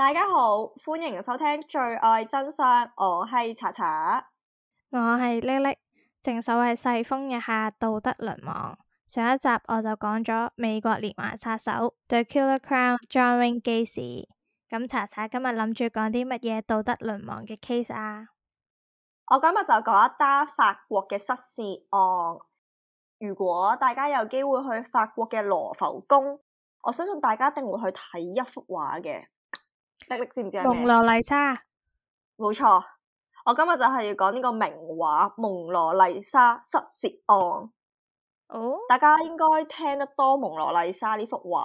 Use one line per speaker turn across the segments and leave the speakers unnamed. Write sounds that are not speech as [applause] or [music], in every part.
大家好，歡迎收聽《最愛真相》，我茶茶，我係查查，
我係叻叻，正所謂世風日下，道德淪亡。上一集我就講咗美國連環殺手對《The Killer Clown, John Wayne Gacy》case，咁查查今日諗住講啲乜嘢道德淪亡嘅 case 啊？
我今日就講一單法國嘅失竊案。如果大家有機會去法國嘅羅浮宮，我相信大家一定會去睇一幅畫嘅。知唔知係蒙羅麗
莎，冇
錯。我今日就係要講呢個名畫《蒙羅麗莎失竊案》。哦。大家應該聽得多蒙羅麗莎呢幅畫，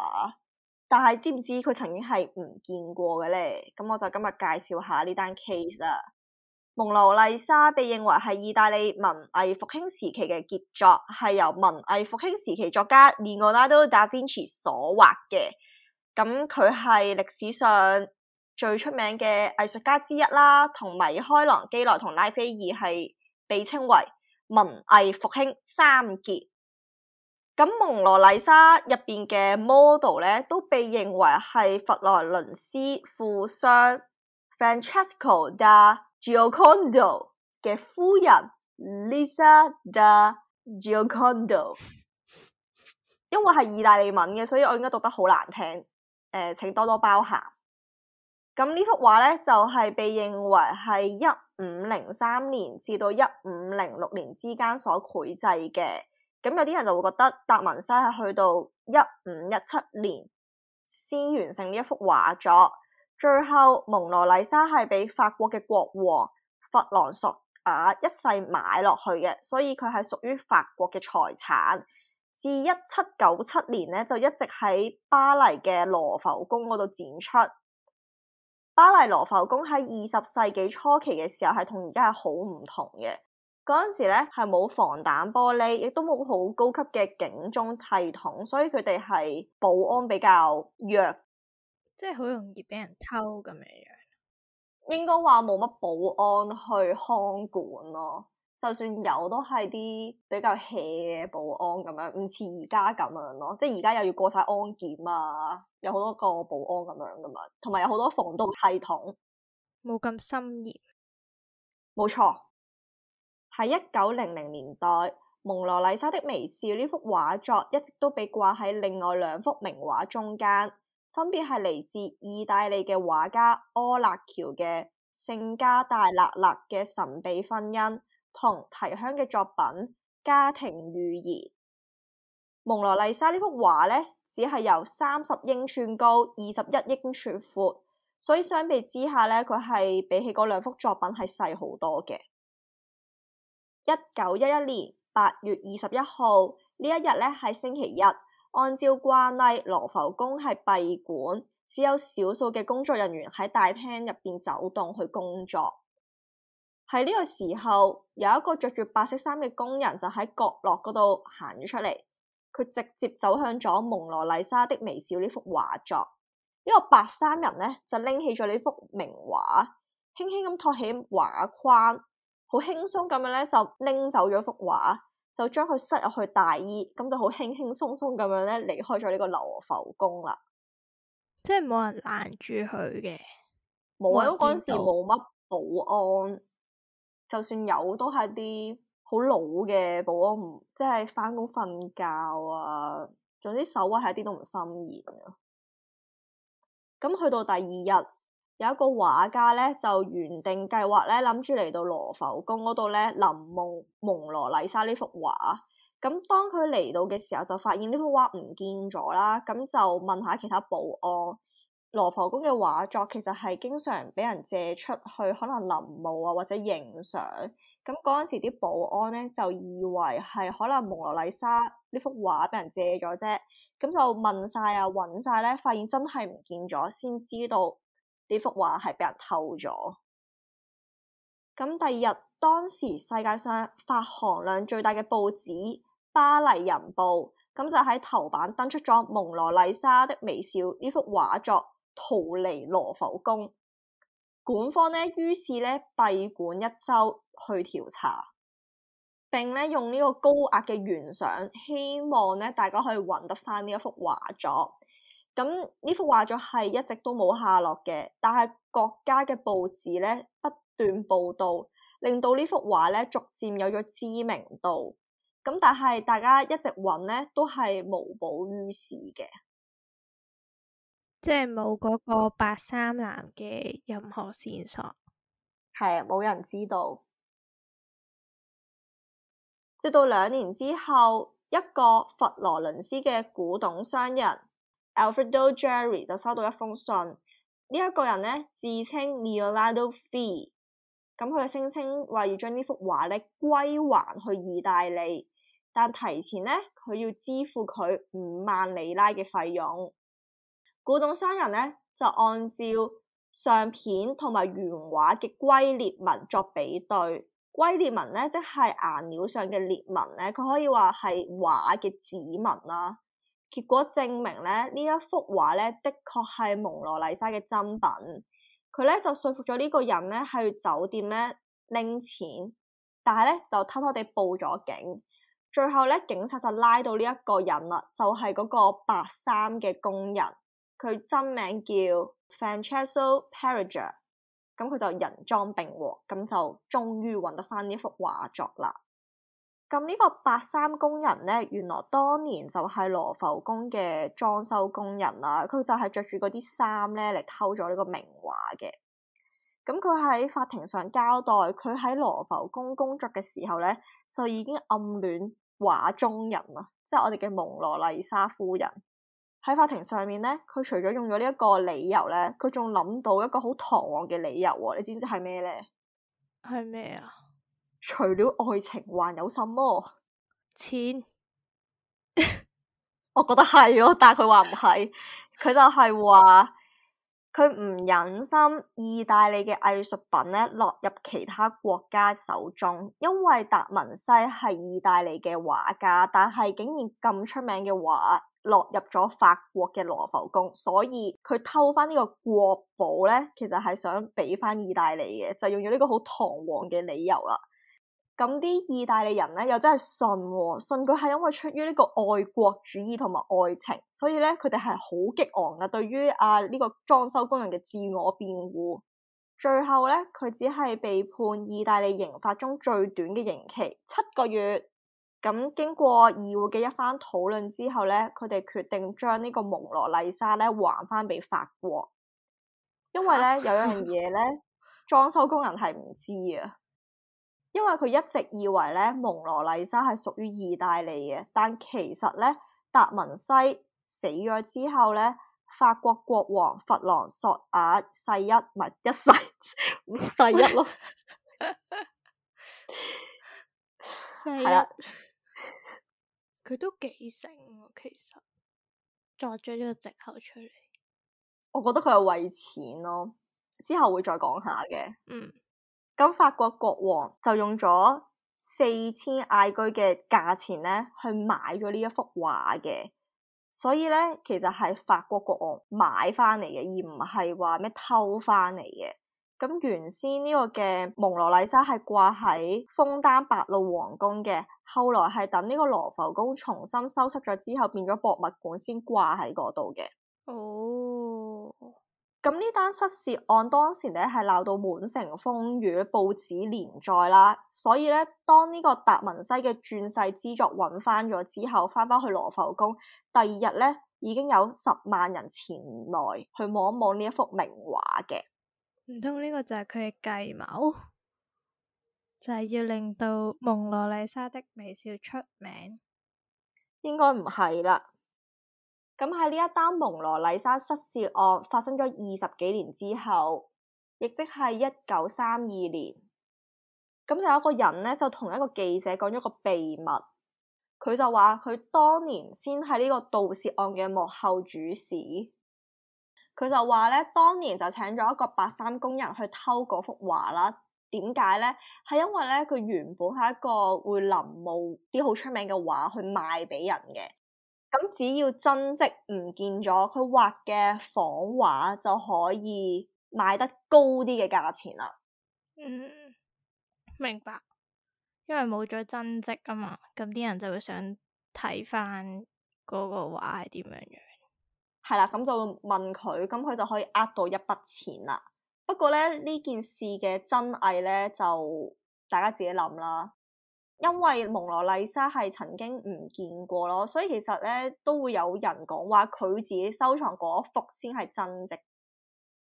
但係知唔知佢曾經係唔見過嘅咧？咁我就今日介紹下呢單 case 啦。嗯、蒙羅麗莎被認為係意大利文藝復興時期嘅傑作，係由文藝復興時期作家列奧納多達芬奇所畫嘅。咁佢係歷史上。最出名嘅藝術家之一啦，同埋米開朗基羅同拉斐爾係被稱為文藝復興三傑。咁蒙羅麗莎入邊嘅 model 咧，都被認為係佛羅倫斯富商 Francesco da Giocondo 嘅夫人 Lisa da Giocondo。因為係意大利文嘅，所以我應該讀得好難聽，誒、呃、請多多包涵。咁呢幅畫咧，就係、是、被認為係一五零三年至到一五零六年之間所繪製嘅。咁有啲人就會覺得達文西係去到一五一七年先完成呢一幅畫作。最後蒙羅麗莎係俾法國嘅國王弗朗索瓦一世買落去嘅，所以佢係屬於法國嘅財產。至一七九七年呢，就一直喺巴黎嘅羅浮宮嗰度展出。巴黎羅浮宮喺二十世紀初期嘅時候，係同而家係好唔同嘅。嗰陣時咧，係冇防彈玻璃，亦都冇好高級嘅警鐘系統，所以佢哋係保安比較弱，
即係好容易俾人偷咁樣樣。
應該話冇乜保安去看管咯。就算有，都係啲比較 hea 嘅保安咁樣，唔似而家咁樣咯。即係而家又要過晒安檢啊，有好多個保安咁樣噶嘛，同埋有好多防盜系統，冇咁森嚴。冇錯，喺一九零零年代，蒙羅麗莎的微笑呢幅畫作一直都被掛喺另外兩幅名畫中間，分別係嚟自意大利嘅畫家柯納喬嘅《聖加大利納嘅神秘婚姻》。同提香嘅作品《家庭寓言》，蒙羅麗莎呢幅畫呢，只係由三十英寸高、二十一英寸闊，所以相比之下呢，佢係比起嗰兩幅作品係細好多嘅。一九一一年八月二十一號呢一日呢，係星期一，按照慣例，羅浮宮係閉館，只有少數嘅工作人員喺大廳入邊走動去工作。喺呢個時候，有一個着住白色衫嘅工人就喺角落嗰度行咗出嚟。佢直接走向咗蒙羅麗莎的微笑呢幅畫作。呢、這個白衫人咧就拎起咗呢幅名畫，輕輕咁托起畫框，好輕鬆咁樣咧就拎走咗幅畫，就將佢塞入去大衣，咁就好輕輕鬆鬆咁樣咧離開咗呢個羅浮宮啦。
即係冇人攔住佢嘅，冇啊！嗰陣時冇乜保
安。就算有，都係啲好老嘅保安，即係翻工瞓覺啊。總之守衛係一啲都唔森嚴咁樣。咁去到第二日，有一個畫家咧，就原定計劃咧，諗住嚟到羅浮宮嗰度咧臨摹蒙羅麗莎呢幅畫。咁當佢嚟到嘅時候，就發現呢幅畫唔見咗啦。咁就問下其他保安。羅浮宮嘅畫作其實係經常俾人借出去，可能臨摹啊或者影相。咁嗰陣時啲保安呢，就以為係可能蒙羅麗莎呢幅畫俾人借咗啫，咁就問晒啊揾晒咧，發現真係唔見咗，先知道呢幅畫係俾人偷咗。咁第二日，當時世界上發行量最大嘅報紙《巴黎人報》咁就喺頭版登出咗《蒙羅麗莎的微笑》呢幅畫作。逃離羅浮宮，管方呢，於是咧閉館一周去調查，並咧用呢個高額嘅懸賞，希望咧大家可以揾得翻呢一幅畫作。咁呢幅畫作係一直都冇下落嘅，但係國家嘅報紙咧不斷報道，令到呢幅畫咧逐漸有咗知名度。咁但係大家一直揾咧都係無補於事嘅。
即係冇嗰個白衫男嘅任何線索，係啊，冇人知道。直到兩年之後，
一個佛羅倫斯嘅古董商人 Alfredo Jerry 就收到一封信。呢、這、一個人呢，自稱 Neolado Fee，咁佢、嗯、聲稱話要將呢幅畫呢歸還去意大利，但提前呢，佢要支付佢五萬里拉嘅費用。古董商人咧，就按照相片同埋原畫嘅龜裂紋作比對。龜裂紋咧，即係顏料上嘅裂紋咧，佢可以話係畫嘅指紋啦。結果證明咧，呢一幅畫咧的確係蒙羅麗莎嘅真品，佢咧就說服咗呢個人咧去酒店咧拎錢，但係咧就偷偷地報咗警，最後咧警察就拉到呢一個人啦，就係嗰個白衫嘅工人。佢真名叫 Francesco Peruggia，咁佢就人贓並獲，咁就終於揾得翻呢幅畫作啦。咁呢個白衫工人呢，原來當年就係羅浮宮嘅裝修工人啦，佢就係着住嗰啲衫呢嚟偷咗呢個名畫嘅。咁佢喺法庭上交代，佢喺羅浮宮工作嘅時候呢，就已經暗戀畫中人啊，即係我哋嘅蒙羅麗莎夫人。喺法庭上面咧，佢除咗用咗呢一個理由咧，佢仲諗到一個好堂皇嘅理由喎。你知唔知係咩咧？係咩啊？除了愛情，還有什麼、哦？錢千？ [laughs] 我覺得係咯、哦，但係佢話唔係，佢就係話佢唔忍心意大利嘅藝術品咧落入其他國家手中，因為達文西係意大利嘅畫家，但係竟然咁出名嘅畫。落入咗法國嘅羅浮宮，所以佢偷翻呢個國寶咧，其實係想俾翻意大利嘅，就用咗呢個好堂皇嘅理由啦。咁啲意大利人咧又真係信喎、哦，信佢係因為出於呢個愛國主義同埋愛情，所以咧佢哋係好激昂噶、啊。對於啊呢個裝修工人嘅自我辯護，最後咧佢只係被判意大利刑法中最短嘅刑期七個月。咁經過議會嘅一番討論之後咧，佢哋決定將呢個蒙羅麗莎咧還翻俾法國，因為咧有樣嘢咧，裝修工人係唔知啊，因為佢一直以為咧蒙羅麗莎係屬於意大利嘅，但其實咧達文西死咗之後咧，法國國王弗朗索瓦世一咪一世世一咯，
係啦 [laughs] 一。佢都幾醒，其實作咗呢個借口出嚟。我覺得佢係為錢咯，之後會再講下嘅。嗯，
咁法國國王就用咗四千埃居嘅價錢咧，去買咗呢一幅畫嘅。所以咧，其實係法國國王買翻嚟嘅，而唔係話咩偷翻嚟嘅。咁原先呢個嘅蒙羅麗莎係掛喺楓丹白露皇宮嘅，後來係等呢個羅浮宮重新收拾咗之後，變咗博物館先掛喺嗰度嘅。哦，咁呢單失竊案當時咧係鬧到滿城風雨，報紙連載啦。所以咧，當呢個達文西嘅傳世之作揾翻咗之後，翻翻去羅浮宮，第二日咧已經有十萬人前來
去望一望呢一幅名畫嘅。唔通呢個就係佢嘅計謀，就係要令到蒙羅麗莎的微笑出名。應該唔係啦。
咁喺呢一單蒙羅麗莎失竊案發生咗二十幾年之後，亦即係一九三二年，咁就有一個人呢，就同一個記者講咗個秘密。佢就話佢當年先係呢個盜竊案嘅幕後主使。佢就話咧，當年就請咗一個白衫工人去偷嗰幅畫啦。點解咧？係因為咧，佢原本係一個會臨摹啲好出名嘅畫去賣俾人嘅。咁只要真跡唔見咗，佢畫嘅仿畫就可以賣得高啲嘅價錢啦。
嗯，明白。因為冇咗真跡啊嘛，咁啲人就會想睇返嗰個畫係點樣樣。係啦，咁就問
佢，咁佢就可以呃到一筆錢啦。不過咧，呢件事嘅真偽咧，就大家自己諗啦。因為蒙羅麗莎係曾經唔見過咯，所以其實咧都會有人講話佢自己收藏嗰幅先係真跡。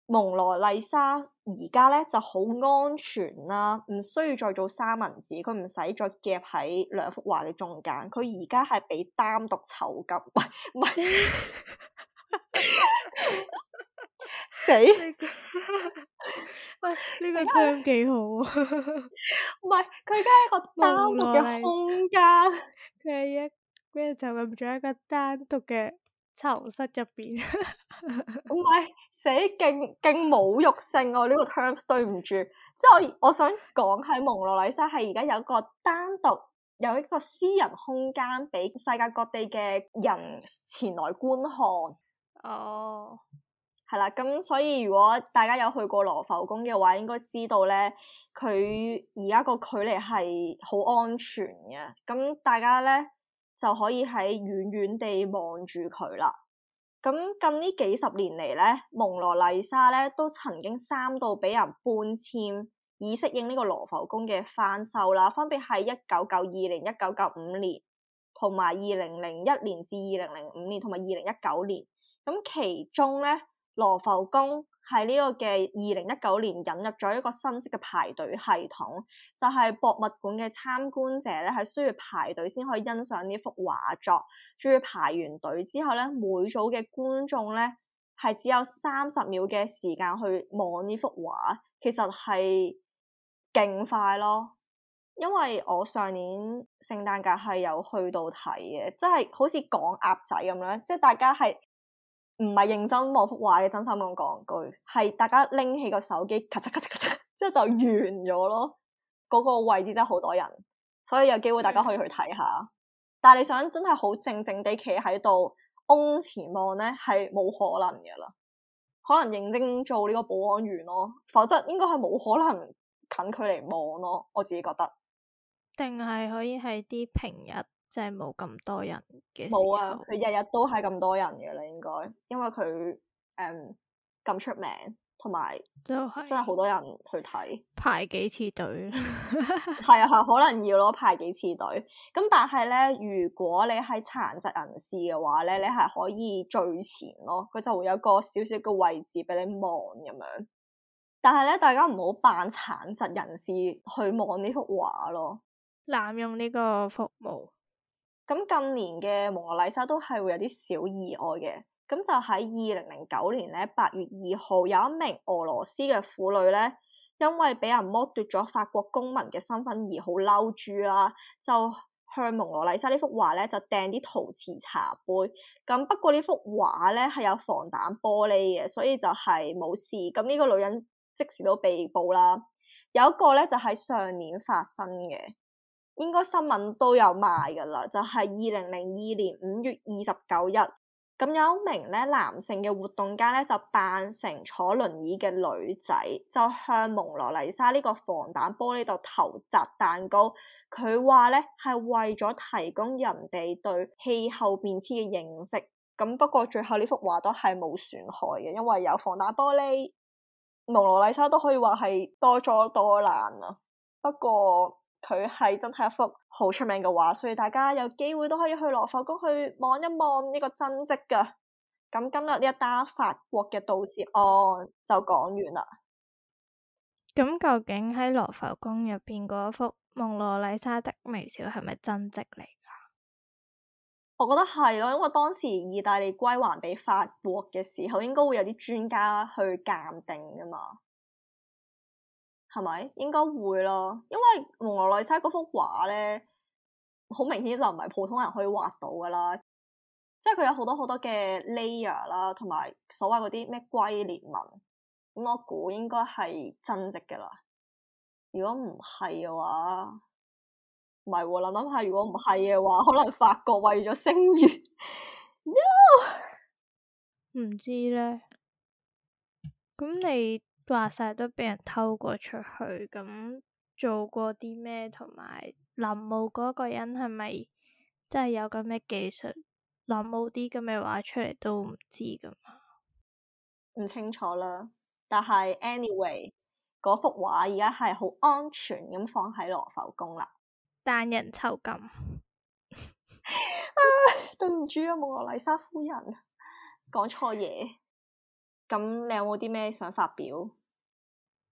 蒙羅麗莎而家咧就好安全啦，啊，唔需要再做三文治，佢唔使再夾喺兩幅畫嘅中間，佢而家係俾單獨酬金，唔係。 [laughs] [laughs] [laughs] 死！喂， [laughs] 呢、這個 term 幾好
啊？唔係，佢而家係個單獨嘅空間，佢係一咩就咁咗一個單獨嘅囚室入邊。
唔 [laughs] 係，死勁勁侮辱性哦、啊！呢、這個 terms 對唔住，即係我我想講喺蒙羅麗莎係而家有一個單獨有一個私人空間，俾世界各地嘅人前來觀看。哦，係啦、oh.，咁所以如果大家有去過羅浮宮嘅話，應該知道咧，佢而家個距離係好安全嘅。咁大家咧就可以喺遠遠地望住佢啦。咁近呢幾十年嚟咧，蒙羅麗莎咧都曾經三度俾人搬遷，以適應呢個羅浮宮嘅翻修啦。分別係一九九二年、一九九五年，同埋二零零一年至二零零五年，同埋二零一九年。咁其中咧，羅浮宮係呢個嘅二零一九年引入咗一個新式嘅排隊系統，就係博物館嘅參觀者咧係需要排隊先可以欣賞呢幅畫作。仲要排完隊之後咧，每組嘅觀眾咧係只有三十秒嘅時間去望呢幅畫，其實係勁快咯。因為我上年聖誕假係有去到睇嘅，即係好似講鴨仔咁樣，即係大家係。唔係認真望幅畫嘅，真心咁講句，係大家拎起個手機，咔嚓咔嚓咔嚓，即係就完咗咯。嗰個位置真係好多人，所以有機會大家可以去睇下。但係你想真係好靜靜地企喺度，嗡前望咧，係冇可能噶啦。可能認真做呢個保安員咯，否則應該係冇可能近距離望咯。我自己覺得，
定係可以喺啲平日。即係冇咁多人嘅，冇啊！佢日日都係咁多人嘅啦，應該，因為佢誒
咁出名，同埋都係真係好多人去睇、 [laughs] [laughs] 啊，
排幾次隊，
係啊係，可能要咯，排幾次隊。咁但係咧，如果你係殘疾人士嘅話咧，你係可以最前咯，佢就會有個少少嘅位置俾你望咁樣。但係咧，大家唔好扮殘疾人士去望呢幅畫咯，濫用呢個服務。咁近年嘅蒙羅麗莎都係會有啲小意外嘅，咁就喺二零零九年咧八月二號，有一名俄羅斯嘅婦女咧，因為俾人剝奪咗法國公民嘅身份而好嬲豬啦，就向蒙羅麗莎呢幅畫咧就掟啲陶瓷茶杯。咁不過呢幅畫咧係有防彈玻璃嘅，所以就係冇事。咁呢個女人即時都被捕啦。有一個咧就喺、是、上年發生嘅。應該新聞都有賣噶啦，就係二零零二年五月二十九日，咁有一名咧男性嘅活動家咧就扮成坐輪椅嘅女仔，就向蒙羅麗莎呢個防彈玻璃度投擲蛋糕。佢話咧係為咗提供人哋對氣候變遷嘅認識。咁不過最後呢幅畫都係冇損害嘅，因為有防彈玻璃。蒙羅麗莎都可以話係多災多難啊，不過。佢係真係一幅好出名嘅畫，所以大家有機會都可以去羅浮宮去望一望呢個真跡噶。咁今日呢一單法國嘅盜竊案就講完啦。
咁究竟喺羅浮宮入邊嗰一幅蒙羅麗莎的微笑係咪真迹嚟噶？
我覺得係咯，因為當時意大利歸還俾法國嘅時候，應該會有啲專家去鑒定噶嘛。係咪應該會啦？因為蒙羅麗莎嗰幅畫咧，好明顯就唔係普通人可以畫到噶啦。即係佢有好多好多嘅 layer 啦，同埋所謂嗰啲咩龜裂紋，咁、嗯、我估應該係真跡嘅啦。如果唔係嘅話，唔係諗諗下，如果唔係嘅話，可能法國
為咗聲譽 [laughs] ，no 唔知咧。咁你？話晒都畀人偷過出去，咁做過啲咩，同埋臨摹嗰個人係咪真係有咁咩技術，臨摹啲咁嘅畫出嚟都唔知噶嘛，
唔清楚啦。但係 anyway，嗰幅畫而家係好安全咁放喺羅浮宮啦。
但人抽筋，
對唔住啊，冇羅麗莎夫人，講錯嘢。咁你有冇啲咩想發表？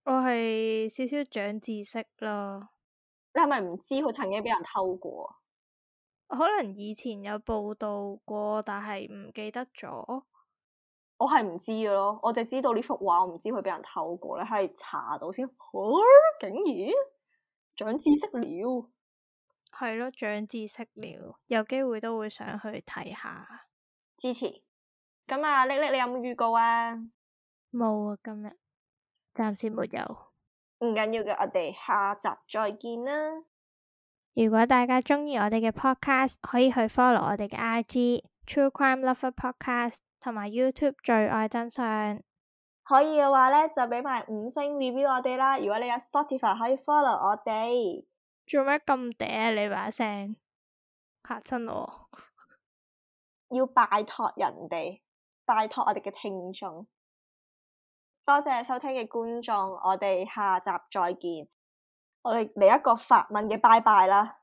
我係少少長知識
啦。你係咪唔知佢曾經畀人偷過？可能以前有報道過，但係唔記得咗。我係唔知嘅
咯，我就知道呢幅畫，我唔知佢畀人偷過咧，係查到先。啊、竟然
長知識了，係咯， [laughs] 長知識了，有機會都會想去睇下，支持。
咁啊，叻叻，你有冇預告啊？
冇啊，今日暫時冇有，
唔緊要嘅。我哋下集再見啦。
如果大家鍾意我哋嘅 podcast，可以去 follow 我哋嘅 I G True Crime Lover Podcast，同埋 YouTube 罪愛真相。
可以嘅話咧，就畀埋五星 review 我哋啦。如果你有 Spotify，可以 follow 我哋。做咩咁嗲？你把聲嚇親我， [laughs] 要拜託人哋。拜託我哋嘅聽眾，多謝收聽嘅觀眾，我哋下集再見，我哋嚟一個法文嘅拜拜啦。